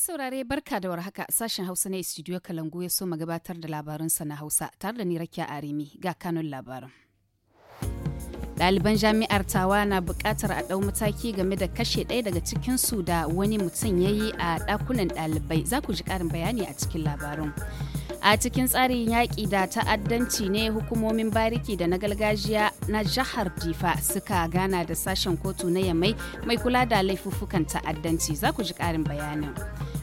saurare barka da warhaka sashen Hausa na studio Kalangu ya so gabatar da labarunsa na Hausa tare da ni Rakiya Arimi ga kanun labarin. Ɗaliban jami'ar tawa na bukatar a ɗau mataki game da kashe ɗaya daga cikinsu da wani mutum ya yi a ɗakunan ɗalibai za ku ji karin bayani a cikin labarin. a cikin tsarin yaƙi da ta'addanci ne hukumomin bariki da na gargajiya na jihar difa suka gana da sashen kotu na yamai mai kula da laifuffukan ta'addanci za ku ji ƙarin bayanin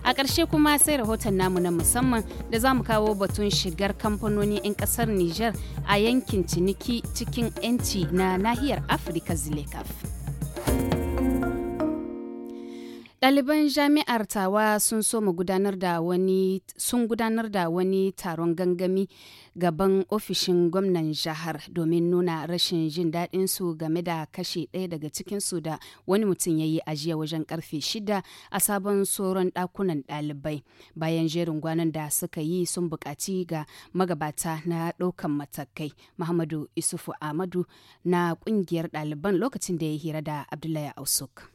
a ƙarshe kuma sai rahoton namu na musamman da za mu kawo batun shigar kamfanoni 'yan ƙasar niger a yankin ciniki cikin 'yanci na nahiyar afirka zilekaf. Ɗaliban jami'ar Tawa sun soma gudanar da wani sun gudanar da wani taron gangami gaban ofishin gwamnan jihar domin nuna rashin jin daɗin su game da kashe ɗaya daga cikin su da wani mutum ya yi ajiya wajen karfe shida a sabon tsoron ɗakunan ɗalibai. Bayan jerin gwanon da suka yi sun buƙaci ga magabata na ɗaukan matakai. Muhammadu Isufu Ahmadu na ƙungiyar ɗaliban lokacin da ya hira da Abdullahi Ausuk.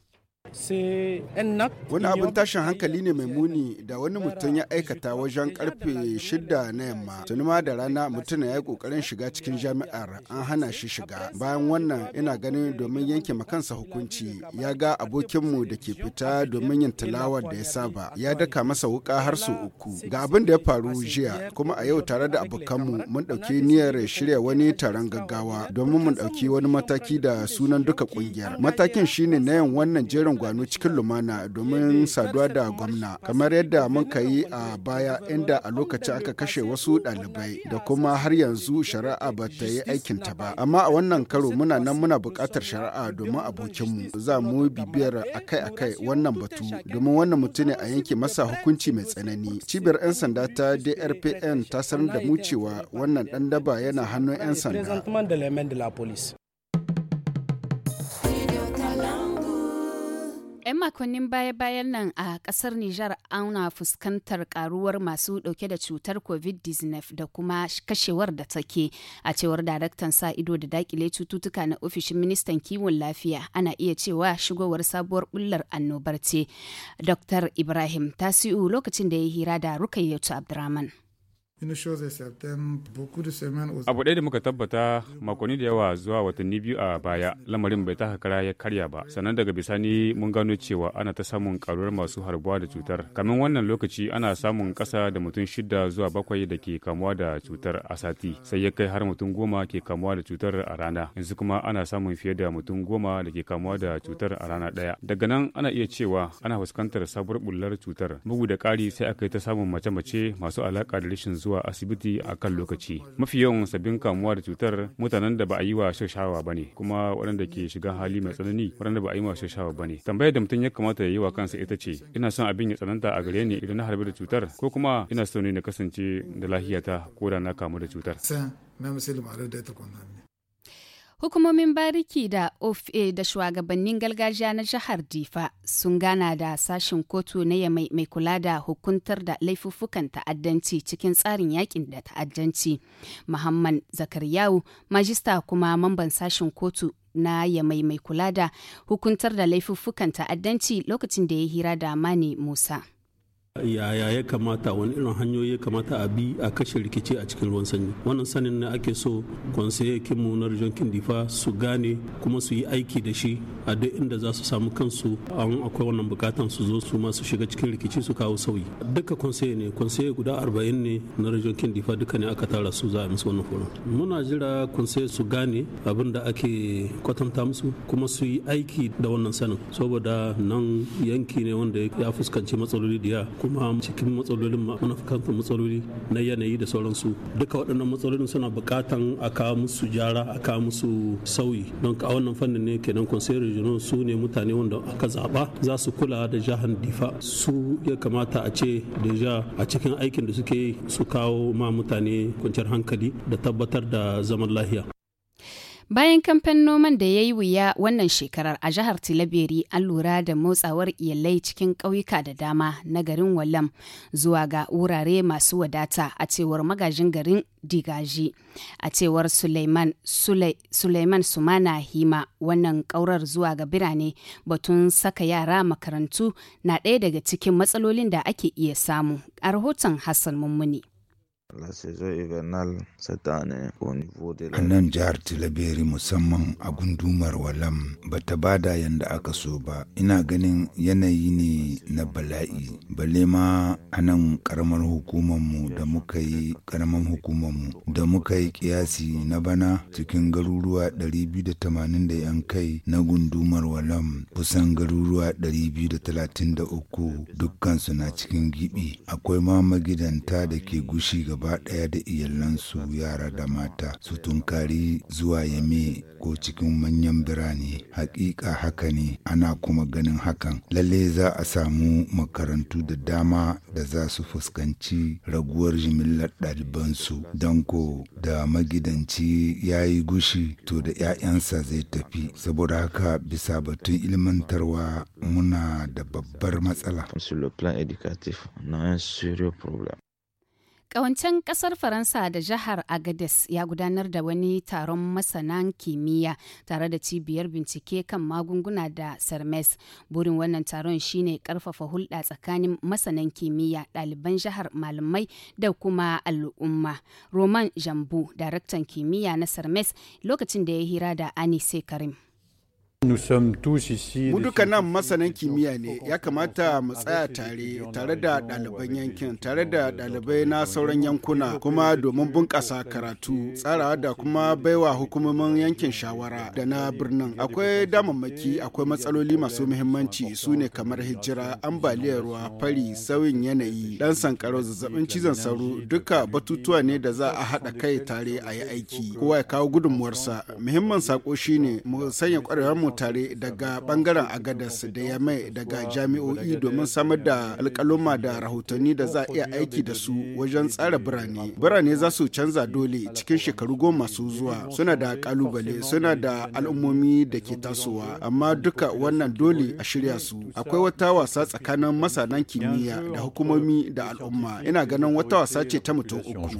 Wani abin tashin hankali ne mai muni da wani mutum ya aikata wajen karfe shida na yamma. Tuni ma da rana mutum ya yi kokarin shiga cikin jami'ar an hana shi shiga. Bayan wannan ina ganin domin yanke makansa hukunci ya ga abokinmu da ke fita domin yin tilawar da ya saba ya daka masa wuka har sau uku. Ga abin da ya faru jiya kuma a yau tare da abokanmu mun ɗauki niyyar shirya wani taron gaggawa domin mun ɗauki wani mataki da sunan duka ƙungiyar. Matakin shine na yin wannan jerin jerin gwano cikin lumana domin saduwa da gwamna kamar yadda muka yi a baya inda a lokacin aka kashe wasu ɗalibai da kuma har yanzu shari'a ba ta yi ta ba amma a wannan karo muna nan muna buƙatar shari'a domin abokinmu za mu bibiyar akai-akai wannan batu domin wannan mutum ne a yanke masa hukunci mai tsanani cibiyar 'yan sanda ta drpn ta sanar da mu cewa wannan ɗan daba yana hannun 'yan sanda 'Yan makonnin baya-bayan nan a kasar Nijar ana fuskantar karuwar masu dauke da cutar COVID-19 da kuma kashewar da take a cewar daraktan sa ido da dakile cututtuka na ofishin ministan kiwon lafiya ana iya cewa shigowar sabuwar bullar annobar ce. Dr. Ibrahim Tasiu lokacin da ya hira da Rukayyatu Abdurrahman. abu ɗaya da muka tabbata makonni da yawa zuwa watanni biyu a baya lamarin bai taka hakara ya karya ba sannan daga bisani mun gano cewa ana ta samun karuwar masu harbuwa da cutar kamin wannan lokaci ana samun ƙasa da mutum shida zuwa bakwai da ke kamuwa da cutar a sati sai ya kai har mutum goma ke kamuwa da cutar a rana yanzu kuma ana samun fiye da mutum goma da ke kamuwa da cutar a rana ɗaya daga nan ana iya cewa ana fuskantar sabuwar bullar cutar bugu da ƙari sai aka yi ta samun mace-mace masu alaƙa da rashin zuwa zuwa asibiti a kan lokaci mafi yawan sabbin kamuwa da cutar mutanen da ba a yi wa shashawa ba ne kuma waɗanda ke shiga hali mai tsanani waɗanda ba a yi wa shashawa ba ne tambayar da mutum ya kamata ya yi wa kansa ita ce ina son abin ya tsananta a gare ni idan na harbi da cutar ko kuma ina son ne na kasance da lahiyata ko da na kamu da cutar. Hukumomin bariki da OFA da shugabannin gargajiya na jihar Difa sun gana da sashen kotu na yamai mai kula da hukuntar da laifuffukan ta'addanci cikin tsarin yakin da ta'addanci. Muhammad Zakaryawu, majista kuma mamban sashen kotu na yamai mai kula da hukuntar da laifuffukan ta'addanci lokacin da ya hira da Mani Musa. yaya ya kamata wani irin hanyoyi ya kamata a bi a kashe rikici a cikin ruwan sanyi wannan sanin ne ake so kwansayakin mu na rijon difa su gane kuma su yi aiki da shi a duk inda za su samu kansu an akwai wannan bukatan su zo su ma su shiga cikin rikici su kawo sauyi duka kwansaye ne kwansaye guda arba'in ne na rijon difa duka ne aka tara su za a musu wannan horon muna jira kwansaye su gane abin da ake kwatanta musu kuma su yi aiki da wannan sanin saboda nan yanki ne wanda ya fuskanci matsaloli da kuma cikin matsalolin muna matsaloli na yanayi da sauransu duka waɗannan matsalolin suna buƙatan a kawo musu jara a kawo musu sauyi don a wannan fannin ne kenan conseil regional su ne mutane wanda aka zaɓa za su kula da jihar difa su ya kamata a ce deja a cikin aikin da suke su kawo ma mutane kwanciyar hankali da tabbatar da zaman lahiya Bayan kamfen noman da ya yi wuya wannan shekarar a jihar Tilaberi an lura da motsawar iyalai cikin ƙauyuka da dama na garin Walam zuwa ga wurare masu wadata a cewar magajin garin Digaji. A cewar Suleiman, Sule, Suleiman Sumana Hima wannan ƙaurar zuwa ga birane batun saka yara makarantu na ɗaya daga cikin matsalolin da ake iya samu a rahoton Hassan Mummuni. A nan jihar Tilaberi musamman a gundumar Walam ba ta bada yanda aka so ba, ina ganin yanayi ne na bala'i, balle ma a nan karamar hukumarmu da muka yi karamar hukumarmu da muka yi kiyasi na bana cikin garuruwa 280 kai na gundumar Walam kusan garuruwa 233 dukkansu na cikin gibi. Akwai ma magidanta da ke gushi gaba gaba ɗaya da iyalansu yara da mata su tunkari zuwa yame ko cikin manyan birane hakika haka ne ana kuma ganin hakan lalle za a samu makarantu da dama da za su fuskanci raguwar jimillar ɗalibansu don ko da magidanci ya yi gushi to da 'ya'yansa zai tafi saboda haka bisa batun ilmantarwa muna da babbar matsala. Ƙawancen ƙasar Faransa da jihar Agades ya gudanar da wani taron masanan kimiyya tare da cibiyar bincike kan magunguna da sermes Burin wannan taron shine ƙarfafa hulɗa tsakanin masanan kimiyya, ɗaliban jihar malamai da kuma al'umma. Roman Jambu, daraktan kimiyya na sermes lokacin da ya hira da Anise Karim. Mu duka nan masanan kimiyya ne ya kamata mu tsaya tare tare da ɗaliban yankin tare da ɗalibai na sauran yankuna kuma domin bunƙasa karatu tsarawa da kuma baiwa hukumomin yankin shawara da na birnin akwai damammaki akwai matsaloli masu muhimmanci su ne kamar hijira ambaliyar ruwa fari sauyin yanayi ɗan sankarau zazzabin cizon sauro duka batutuwa ne da za a haɗa kai tare a yi aiki kowa ya kawo gudunmuwarsa muhimmin sako shine mu sanya ƙwarewar mu tare daga bangaren agadas da ya mai daga jami'o'i domin samar da alkaloma da rahotanni da za a iya aiki da su wajen tsara birane birane za su canza dole cikin shekaru goma masu zuwa suna da kalubale suna da al'ummomi da ke tasowa amma duka wannan dole a shirya su akwai wata wasa tsakanin masanan kimiyya da hukumomi da al'umma ina ganin wata wasa ce ta mutum uku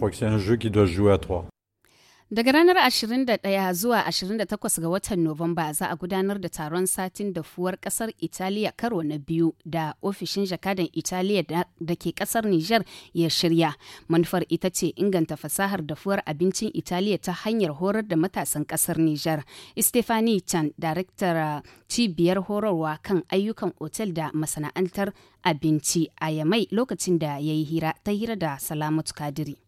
Daga ranar 21 zuwa 28 ga watan Nuwamba za a gudanar da taron satin dafuwar kasar Italiya karo na biyu da ofishin jakadan Italiya da ke kasar Nijar ya shirya. Manufar ita ce inganta fasahar dafuwar abincin Italiya ta hanyar horar da matasan kasar Nijar. Stefani Chan, daraktar cibiyar horarwa kan ayyukan otel da masana'antar abinci a Yamai lokacin da ya yi hira ta hira da Salamatu Kadiri.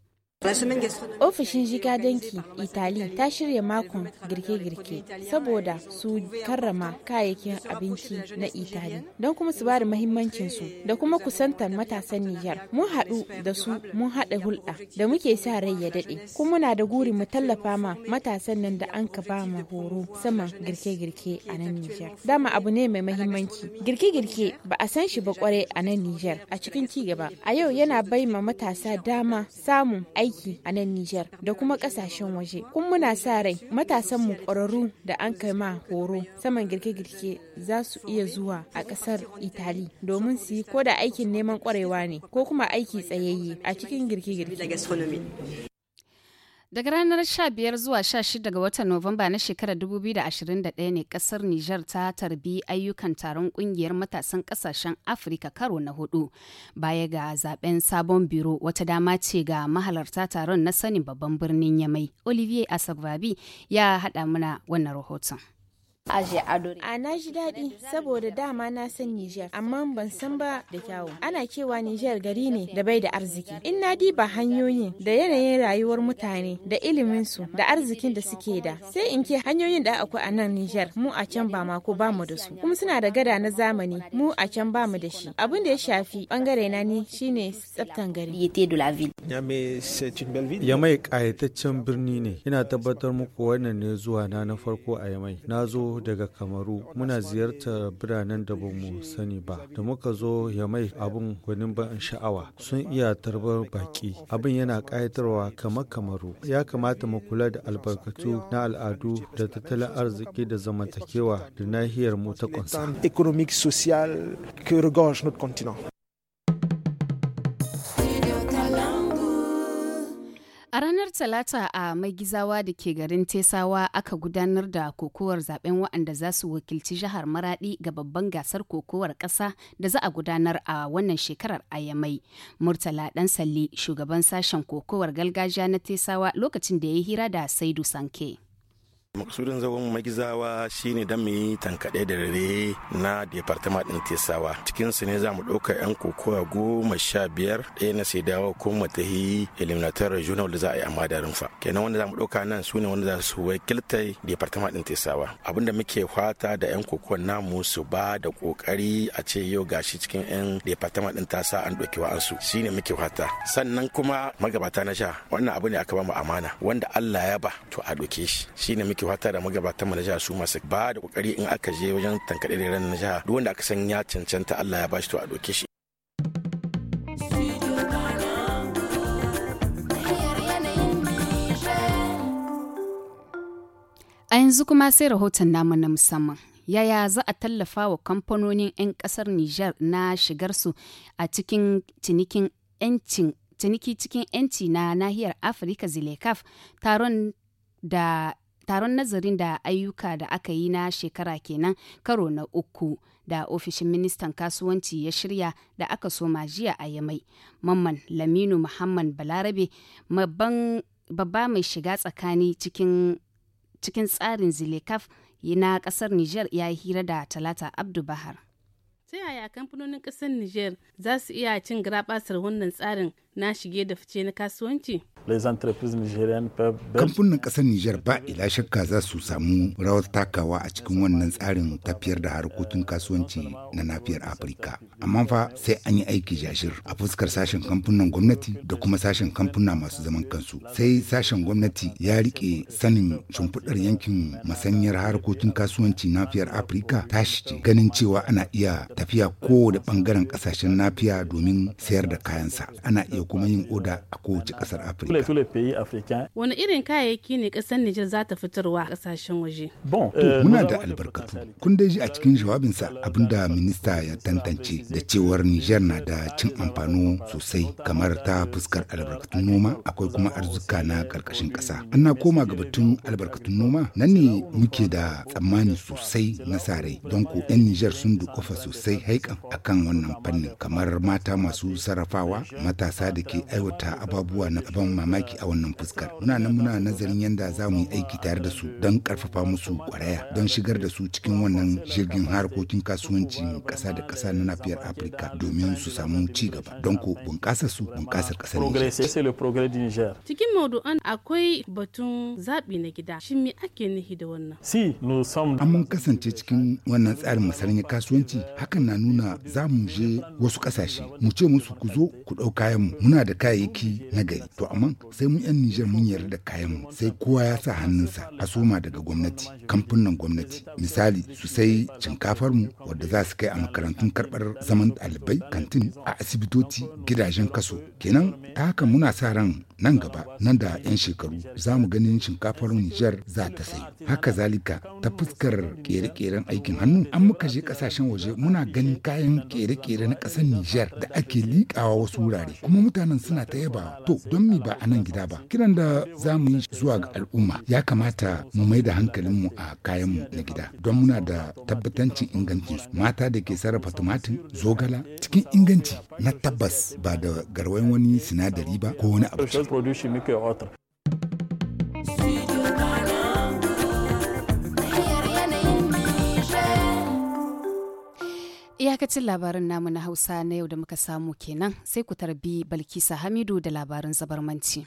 Ofishin danki Itali ta shirya makon girke-girke saboda su karrama kayayyakin abinci na Itali don kuma su bada mahimmancin su da kuma kusantar matasan Nijar. Mun haɗu da su mun haɗa hulɗa da muke sa rai ya daɗe. Kuma muna da guri mu tallafa ma matasan nan da an ka ba mu horo sama girke-girke a nan Nijar. Dama abu ne mai mahimmanci. Girke-girke ba a san shi ba kwarai a nan Nijar a cikin ci gaba. A yau yana bai ma matasa dama samun aiki aiki a nan Nijar da kuma kasashen waje. Kun muna sa rai matasan mu ƙwararru da an kai ma horo saman girke-girke za su iya zuwa a ƙasar Itali domin su yi ko da aikin neman ƙwarewa ne ko kuma aiki tsayayye a cikin girke-girke. Daga ranar 15 zuwa 16 ga watan Nuwamba na shekarar 2021 ne kasar Nijar ta tarbi ayyukan taron kungiyar matasan kasashen Afirka karo na hudu. Baya ga zaben sabon biro wata dama ce ga mahalarta taron na sanin babban birnin Yamai. Olivier Asagwabi ya haɗa mana wannan rahoton. A na ji daɗi saboda dama na san Nijar amma ban san ba da kyawu. Ana cewa Nijar gari ne da bai da arziki. In na diba hanyoyin da yanayin rayuwar mutane da iliminsu da arzikin da suke da sai in ke hanyoyin da akwai a nan Nijar mu a can ba mako ba mu da su. Kuma suna da gada na zamani mu a can ba mu da shi. Abin da ya shafi bangare na ni shine tsaftan gari. Yamai ƙayataccen birni ne. Ina tabbatar muku wannan ne zuwa na na farko a Yamai. Na zo daga Kamaru muna ziyartar biranen da ba mu sani ba. Da muka zo ya mai abin gwanin ban sha'awa sun iya tarbar baki. Abin yana ƙayatarwa kamar Kamaru. Ya kamata mu kula da albarkatu na al'adu da tattalin arziki da zamantakewa da nahiyar mu ta ƙunsa. Talata a gizawa da ke garin Tesawa aka gudanar da kokowar zaben wa'anda za su wakilci jihar Maradi ga babban gasar kokowar ƙasa da za a gudanar a wannan shekarar ayamai Murtala Dan Salli, shugaban sashen kokowar gargajiya na Tesawa lokacin da ya yi hira da Saidu Sanke. maksudin zagon magizawa shine don mu yi tankaɗe da rare na departament ɗin tesawa cikin su ne za mu ɗauka yan kokowa goma sha biyar ɗaya na sai dawo ko mu tahi eliminator regional da za a yi amma da rumfa kenan wanda za mu ɗauka nan su ne wanda za su wakilta departament ɗin tesawa abinda muke fata da yan kokowa namu su ba da ƙoƙari a ce yau gashi cikin yan departament ɗin tasa an ɗauki ansu shine muke fata sannan kuma magabata na sha wannan abu ne aka ba mu amana wanda Allah ya ba to a ɗauke shi shine muke muke fata da magabatan mu na jiha su masu ba da kokari in aka je wajen tankaɗe da ran na jiha duk wanda aka san ya cancanta Allah ya bashi to a doke shi A yanzu kuma sai rahoton namu na musamman. Yaya za a tallafa wa kamfanonin 'yan kasar Nijar na shigarsu a cikin ciniki cikin 'yanci na nahiyar Afirka Zilekaf taron da taron nazarin da ayyuka da aka yi na shekara kenan karo na uku da ofishin ministan kasuwanci ya shirya da aka soma jiya a yamai mamman laminu muhammad balarabe babba mai shiga tsakani cikin cikin tsarin zilekaf na kasar niger ya hira da talata abdu bahar ta yaya kamfanonin kasar niger za su iya cin garabasar wannan tsarin na shige da fice na kasuwanci? Kamfunan ƙasar Nijar ba ila shakka za su samu rawar takawa a cikin wannan tsarin tafiyar da harkokin kasuwanci na nafiyar Afirka. Amma fa sai an yi aiki jashir a fuskar sashen kamfunan gwamnati da kuma sashen kamfuna masu zaman kansu. Sai sashen gwamnati ya rike sanin shimfiɗar yankin masanyar harkokin kasuwanci nafiyar Afirka tashi ce ganin cewa ana iya tafiya kowane ɓangaren ƙasashen nafiya domin sayar da kayansa. Ana iya da kuma yin oda a kowace kasar Afirka. Wani irin kayayyaki ne ƙasar Nijar za ta fitarwa a kasashen waje? To, eh, muna da albarkatu. Kun dai ji a cikin jawabinsa abinda minista ya tantance da cewar Nijar na da cin amfano sosai kamar ta fuskar albarkatun noma akwai kuma arzuka na ƙarƙashin ƙasa. Ana koma ga batun albarkatun noma nan ne muke da tsammani sosai na sarai don ko 'yan Nijar sun dukufa sosai haikan akan wannan fannin kamar mata masu sarrafawa matasa da ke aiwata ababuwa na ban mamaki a wannan fuskar muna nan muna nazarin yadda za mu yi aiki tare da su don karfafa musu kwaraya don shigar da su cikin wannan jirgin harkokin kasuwancin kasa da kasa na nafiyar afirka domin su samu ci gaba don ko bunƙasar su bunƙasar kasar niger cikin maudu'an akwai batun zaɓi na gida shin me ake nihi da wannan si no sam an mun kasance cikin wannan tsarin masaranyar kasuwanci hakan na nuna za mu je wasu ƙasashe mu ce musu ku zo ku ɗau kayan mu muna da kayayyaki na gari to amma sai mun yan Nijar mun yarda da mu sai kowa ya sa hannunsa a soma daga gwamnati kamfunan gwamnati misali su sai shinkafar mu wadda za su kai a makarantun karɓar zaman ɗalibai kantin a asibitoci gidajen kaso kenan ta haka muna sa ran nan gaba nan da 'yan shekaru za mu ganin shinkafar Nijar za ta sai Haka zalika ta fuskar kere-keren aikin hannu an muka je kasashen waje muna ganin kayan kere-kere na ƙasar Nijar da ake likawa wasu wurare kuma mutanen suna ta yaba to don mi ba a nan gida ba. Kiran da za mu yi zuwa ga al'umma ya kamata mu mai da hankalinmu a kayanmu na gida don muna da tabbatancin ingancin mata da ke sarrafa tumatir zogala cikin inganci na tabbas ba da garwayin wani sinadari ba ko wani abu. tel produit chimique et Iyakacin labarin namu na Hausa na yau da muka samu kenan sai ku tarbi Balkisa Hamidu da labarin zabarmanci.